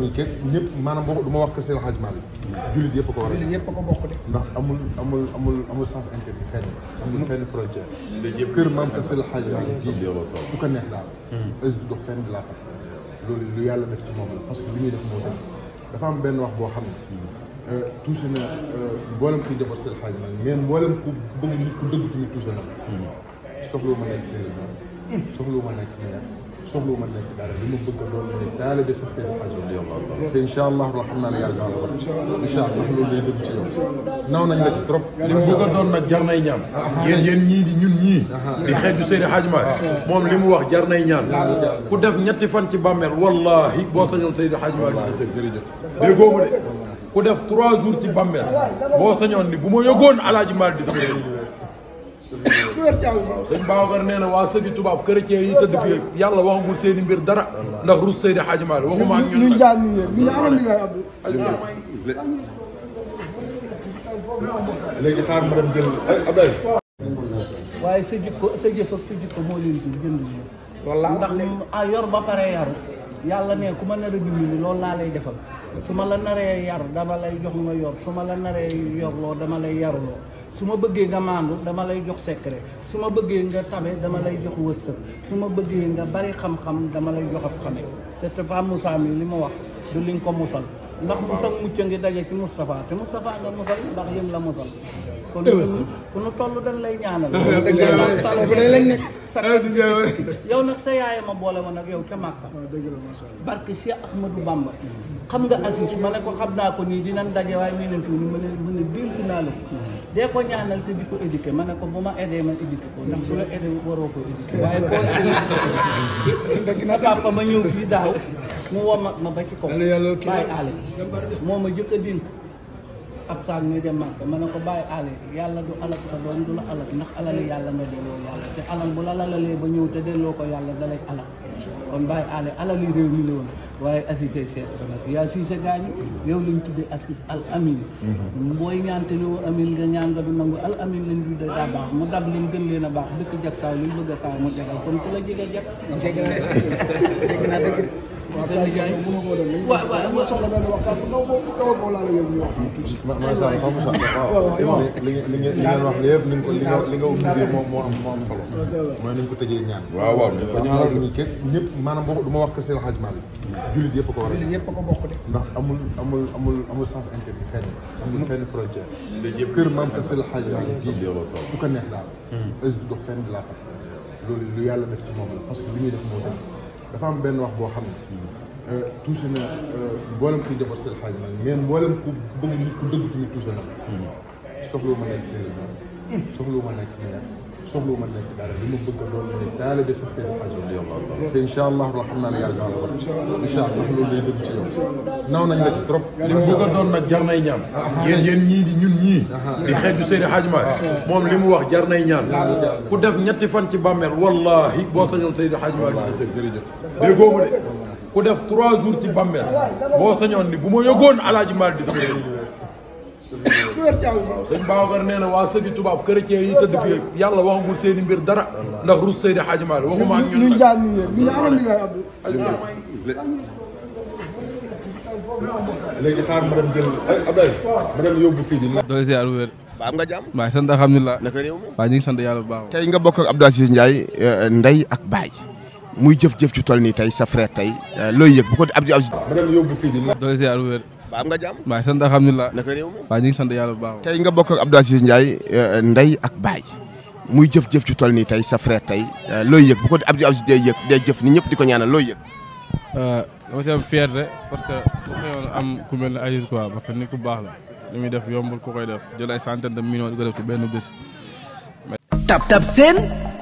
ni kenn ñëpp maanaam boo du ma wax que seen xajmaal yi jullit yëpp ko war a yëpp ko bokk de ndax amul amul amul amul sens interdit fenn amul fenn frontière kër maam sa seen xajmaal ji fu ko neex daal ës hmm. du ko fenn de la part loolu lu yàlla def ci moom la parce que li ñuy def moo daal dafa am benn wax boo xam ne hmm. euh, touché na euh, mboolem kuy defar seen xajmaal mais mboolem ku bëgg nit ku dëgg tamit touché na hmm. soxla ma nekk président soxluwuma nekk maire soxluwuma nekk dara li ma bëgg loolu ne daal de sax seen page te incha allah loolu xam naa ne yàlla dana ko def incha allah loolu day dem ci yow naw nañ la ci trop li mu bëgg a doon nag jar nay ñaan yéen yéen ñii di ñun ñii di xeeju Seydi Hadj Malick moom li mu wax jar nay ñaan ku def ñetti fan ci bàmmeel wallahi boo sañoon Seydi Hadj Malick sa sëriñ jërëjëf déggoo mu de ku def trois jours ci bàmmeel boo sañoon ni bu ma yëgoon alaaji Malick di sama sëñ Babacar nee na waa sëgi tubaab chrétien yi tëdd fii yàlla waxagul seen i mbir dara ndax rus Seydi Hadji Malick waxuma ak ñun nag léegi xaar ma dem jël Abdoulaye waaye sa jikko sa jëf ak sa jikko moo leen di walla ndax yor ba pare yaru yàlla ne ku ma nar a dimbali loolu lay defal su ma la naree yar dama lay jox nga yor su ma la naree yorloo dama lay yaruloo su ma bëggee nga maandu dama lay jox secret su ma bëggee nga tabe dama lay jox wërsëg su ma bëggee nga bari xam-xam dama lay jox ab xame te Moustapha Moussa mi li ma wax du liñ ko musal ndax mu musal mucc ngi daje ci Moustapha te Moustapha nga musal ndax yëm la musal kon fu nu toll lay ñaanal. dëgg la yow nag sa yaay ma boole ma nag yow ca Màkka. waaw dëgg la ma allah barke xam nga asi ma ne ko xam naa ko nii dinañ daje waaye ñu ne tuuti ma ne ma ne dénku naa la ko. dee ko ñaanal te di ko éduquer ma ne ko bu ma aidé ma éduquer ko ndax su la aidé waroo ko éduquer waaye koo sa papa ma ñëw fii daaw mu woo ma ma ba ci kaw. bàyyi àll moo ma jëkk a dénk ab saag ñuy dem màkk ma ne ko bàyyi àll yàlla du alak sa doom du la alak ndax alal yàlla nga delloo yàlla te alal bu la lalalee ba ñëw te delloo ko yàlla dalay alak kon bàyyi àll alali réew mi la woon waaye Cissé sees ko nag yaa Cissé gaañu yow lañ tuddee Aziz Al Amine mhm. booy ñaante li woo Amine nga ñaan nga du nangu Al Amine lañ tudde daa baax mu dab leen gën leen a baax dëkk jag saa luñ bëgg a saa mu jagal kon ku la jege jag waaw waaw waaw soxla benn waxtaan bu ndaw boobu kaw kaw laa la yow ñu wax. waaw li li ngeen wax lépp ni nga ko li nga li nga ubbee moom moo am moo am solo. mooy nañ ko tëjee ñaan. waaw waaw dafa ñaanal ñu képp ñëpp maanaam boo du ma wax que seen xajma bi. jullit yëpp ko war a yëpp ko bokk de. ndax amul amul amul amul sens interdit fenn amul fenn frontière. kër maam sa seen xajma bi ji fu ko neex daal. ës du ko fenn laa loolu lu yàlla def ci moom la parce que li ñuy def moo dafa am benn wax boo xam ne euh, touché na euh, mboolem kuy defar seen xaaj mais mboolem ku bëgg nit ku dëgg tamit touché na hmm. soxla wu ma nekk président soxla wu ma nekk maire soxlu ma nekk dara li ma bëgg loolu ma nekk daal de sax seen page te incha allah xam naa ne yàlla daan wax incha allah loolu lay dëgg ci yow naw nañ la ci trop li mu bëgg a doon nag jar nay ñaan ah, ah. yéen yéen ñii di ñun ñii ah, di xeeju Seydi Hadj Malick moom li mu wax jar nay ñaan ku def ñetti fan ci bàmmeel wallahi boo sañoon Seydi Hadj Malick sa sëriñ jërëjëf déggoo mu de ku def trois jours ci bàmmeel boo sañoon ni bu ma yëgoon alaaji Malick di sama waaw sëñ Babacar nee na waa sëgi tubaab chrétien yi tëdd fii yàlla waxagul seen i mbir dara ndax rus Seydi Hadji Malick waxuma ak ñun nag léegi xaar ma dem jël Abdoulaye am nga jàmm waaye alhamdulilah naka réew mi waaye ñu ngi sant yàlla bu baax tey nga bokk ak Abdou Aziz Ndiaye euh, ndey ak baay muy jëf-jëf ci toll nii tey sa tey euh, looy yëg bu ko Abdou Aziz ma dem yóbbu kii ba am nga jàmm waaye sant alhamdulilah naka réew mi waaye ñu ngi bu baax tey nga bokk ak Abdou Aziz Ndiaye euh, ndey ak baay muy jëf-jëf ci toll nii tey sa frère tey euh, looy yëg bu ko Abdou Aziz day yëg day jëf ni ñëpp di ko ñaana looy yëg euh, dama si am fierté parce que bu xëyoon am ku mel ne parce que nit ku baax la li muy def yombul ku koy def jël ay de millions di ko def si benn bés tab tab seen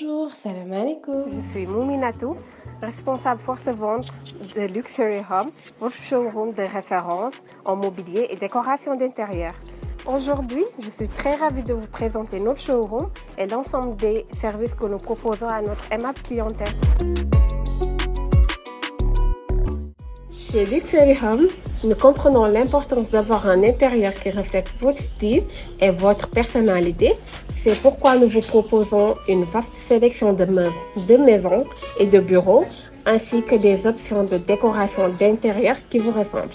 Bonjour, salam alaikum. Je suis Mouminatou, responsable force-vente de Luxury Home, votre showroom de référence en mobilier et décoration d'intérieur. Aujourd'hui, je suis très ravie de vous présenter notre showroom et l'ensemble des services que nous proposons à notre aimable clientèle. Chez Luxury Home, Nous comprenons l'importance d'avoir un intérieur qui reflète votre style et votre personnalité. C'est pourquoi nous vous proposons une vaste sélection de, meubles de maisons et de bureaux, ainsi que des options de décoration d'intérieur qui vous ressemblent.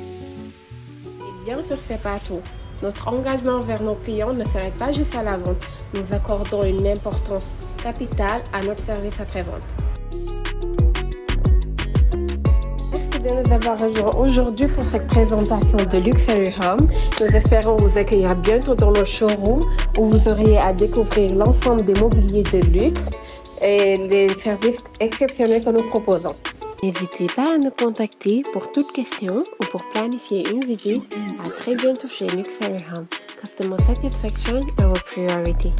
Et bien sûr, c'est pas Notre engagement envers nos clients ne s'arrête pas juste à la vente. Nous accordons une importance capitale à notre service après-vente. de nous avoir rejoints aujourd'hui pour cette présentation de Luxury Home. Nous espérons vous accueillir bientôt dans nos showrooms où vous aurez à découvrir l'ensemble des mobiliers de luxe et les services exceptionnels que nous proposons. N'hésitez pas à nous contacter pour toute question ou pour planifier une visite. À très bientôt chez Luxury Home. Customer satisfaction our priority.